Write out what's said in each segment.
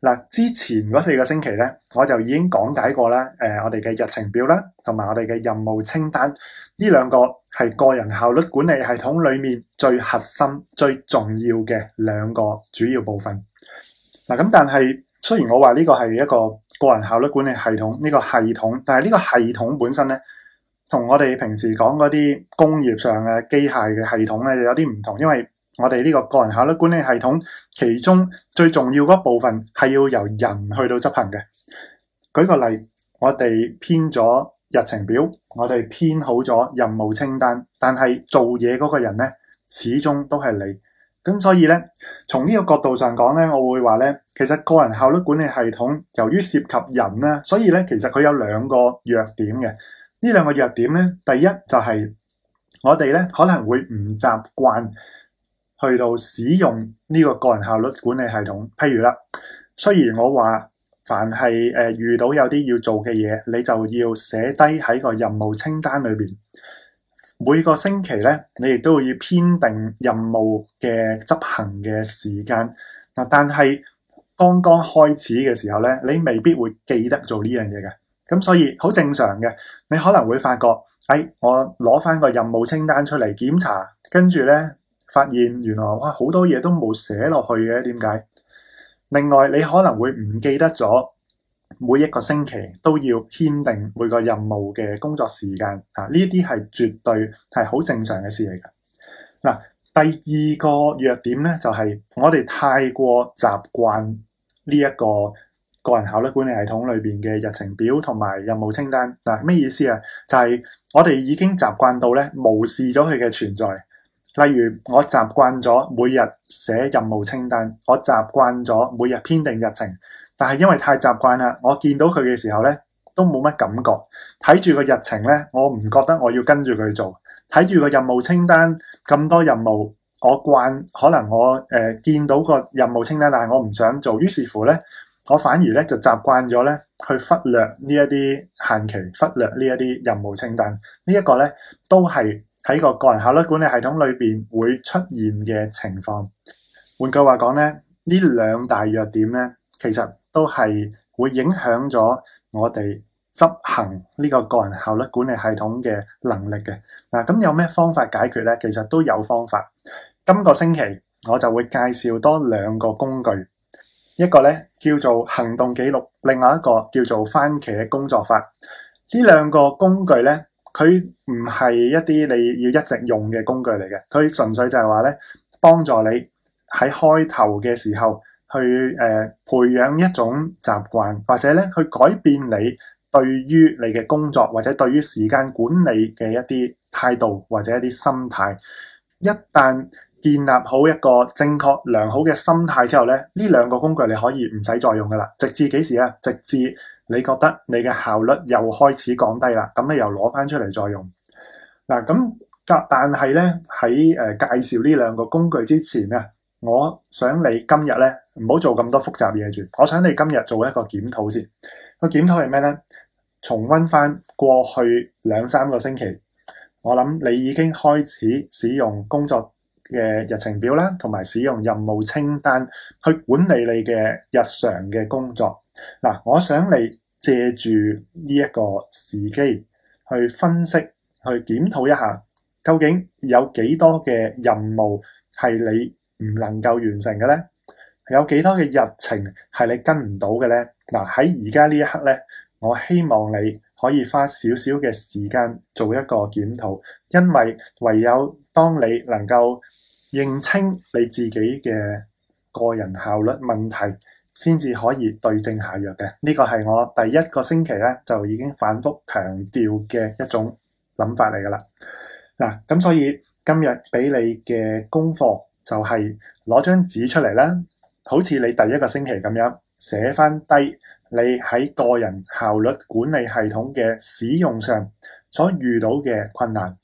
嗱，之前嗰四個星期咧，我就已經講解過啦。誒、呃，我哋嘅日程表啦，同埋我哋嘅任務清單，呢兩個係個人效率管理系統裏面最核心、最重要嘅兩個主要部分。嗱、啊，咁但係雖然我話呢個係一個個人效率管理系統呢、呢個系統，但係呢個系統本身咧，同我哋平時講嗰啲工業上嘅機械嘅系統咧有啲唔同，因為。我哋呢個個人效率管理系統，其中最重要嗰部分係要由人去到執行嘅。舉個例，我哋編咗日程表，我哋編好咗任務清單，但係做嘢嗰個人呢，始終都係你咁，所以呢，從呢個角度上講呢，我會話呢，其實個人效率管理系統由於涉及人呢，所以呢，其實佢有兩個弱點嘅。呢兩個弱點呢，第一就係、是、我哋呢可能會唔習慣。去到使用呢個個人效率管理系統，譬如啦，雖然我話凡係誒遇到有啲要做嘅嘢，你就要寫低喺個任務清單裏邊。每個星期咧，你亦都要編定任務嘅執行嘅時間。嗱，但係剛剛開始嘅時候咧，你未必會記得做呢樣嘢嘅。咁所以好正常嘅，你可能會發覺，哎，我攞翻個任務清單出嚟檢查，跟住咧。發現原來哇，好多嘢都冇寫落去嘅，點解？另外你可能會唔記得咗每一個星期都要編定每個任務嘅工作時間啊，呢啲係絕對係好正常嘅事嚟嘅。嗱，第二個弱點咧就係我哋太過習慣呢一個個人效率管理系統裏邊嘅日程表同埋任務清單嗱，咩意思啊？就係我哋已經習慣到咧無視咗佢嘅存在。例如我習慣咗每日寫任務清單，我習慣咗每日編定日程，但係因為太習慣啦，我見到佢嘅時候咧都冇乜感覺，睇住個日程咧，我唔覺得我要跟住佢做，睇住個任務清單咁多任務，我慣可能我誒、呃、見到個任務清單，但係我唔想做，於是乎咧，我反而咧就習慣咗咧去忽略呢一啲限期，忽略呢一啲任務清單，這個、呢一個咧都係喺個個人效率管理系統裏邊會出現嘅情況，換句話講咧，呢兩大弱點咧，其實都係會影響咗我哋執行呢個個人效率管理系統嘅能力嘅。嗱，咁有咩方法解決咧？其實都有方法。今個星期我就會介紹多兩個工具，一個咧叫做行動記錄，另外一個叫做番茄工作法。呢兩個工具咧。佢唔係一啲你要一直用嘅工具嚟嘅，佢純粹就係話咧幫助你喺開頭嘅時候去誒、呃、培養一種習慣，或者咧去改變你對於你嘅工作或者對於時間管理嘅一啲態度或者一啲心態。一旦建立好一個正確良好嘅心態之後咧，呢兩個工具你可以唔使再用噶啦，直至幾時啊？直至你覺得你嘅效率又開始降低啦，咁你又攞翻出嚟再用嗱咁、啊，但但係咧喺誒介紹呢兩個工具之前咧，我想你今日咧唔好做咁多複雜嘢住，我想你今日做一個檢討先。個檢討係咩咧？重溫翻過去兩三個星期，我諗你已經開始使用工作嘅日程表啦，同埋使用任務清單去管理你嘅日常嘅工作嗱、啊，我想你。借住呢一個時機，去分析、去檢討一下，究竟有幾多嘅任務係你唔能夠完成嘅呢？有幾多嘅日程係你跟唔到嘅呢？嗱、啊，喺而家呢一刻呢，我希望你可以花少少嘅時間做一個檢討，因為唯有當你能夠認清你自己嘅個人效率問題。先至可以對症下藥嘅。呢個係我第一個星期咧，就已經反復強調嘅一種諗法嚟噶啦。嗱，咁所以今日俾你嘅功課就係攞張紙出嚟啦，好似你第一個星期咁樣，寫翻低你喺個人效率管理系統嘅使用上所遇到嘅困難。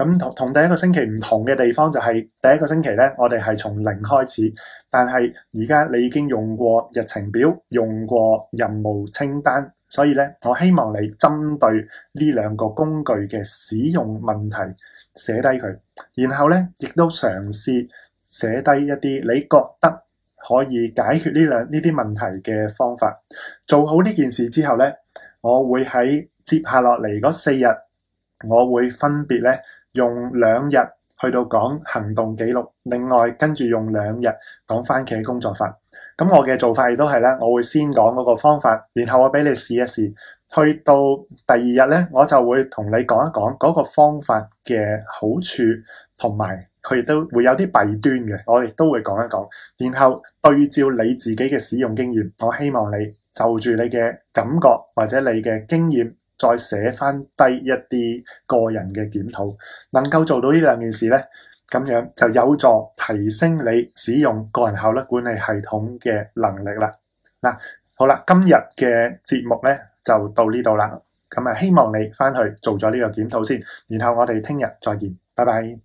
咁同同第一個星期唔同嘅地方就係，第一個星期呢，我哋係從零開始，但係而家你已經用過日程表，用過任務清單，所以呢，我希望你針對呢兩個工具嘅使用問題寫低佢，然後呢，亦都嘗試寫低一啲你覺得可以解決呢兩呢啲問題嘅方法。做好呢件事之後呢，我會喺接下落嚟嗰四日，我會分別呢。用兩日去到講行動記錄，另外跟住用兩日講番茄工作法。咁我嘅做法亦都係咧，我會先講嗰個方法，然後我畀你試一試。去到第二日咧，我就會同你講一講嗰個方法嘅好處，同埋佢亦都會有啲弊端嘅，我亦都會講一講。然後對照你自己嘅使用經驗，我希望你就住你嘅感覺或者你嘅經驗。再寫翻低一啲個人嘅檢討，能夠做到呢兩件事呢，咁樣就有助提升你使用個人效率管理系統嘅能力啦。嗱，好啦，今日嘅節目呢就到呢度啦。咁啊，希望你翻去做咗呢個檢討先，然後我哋聽日再見，拜拜。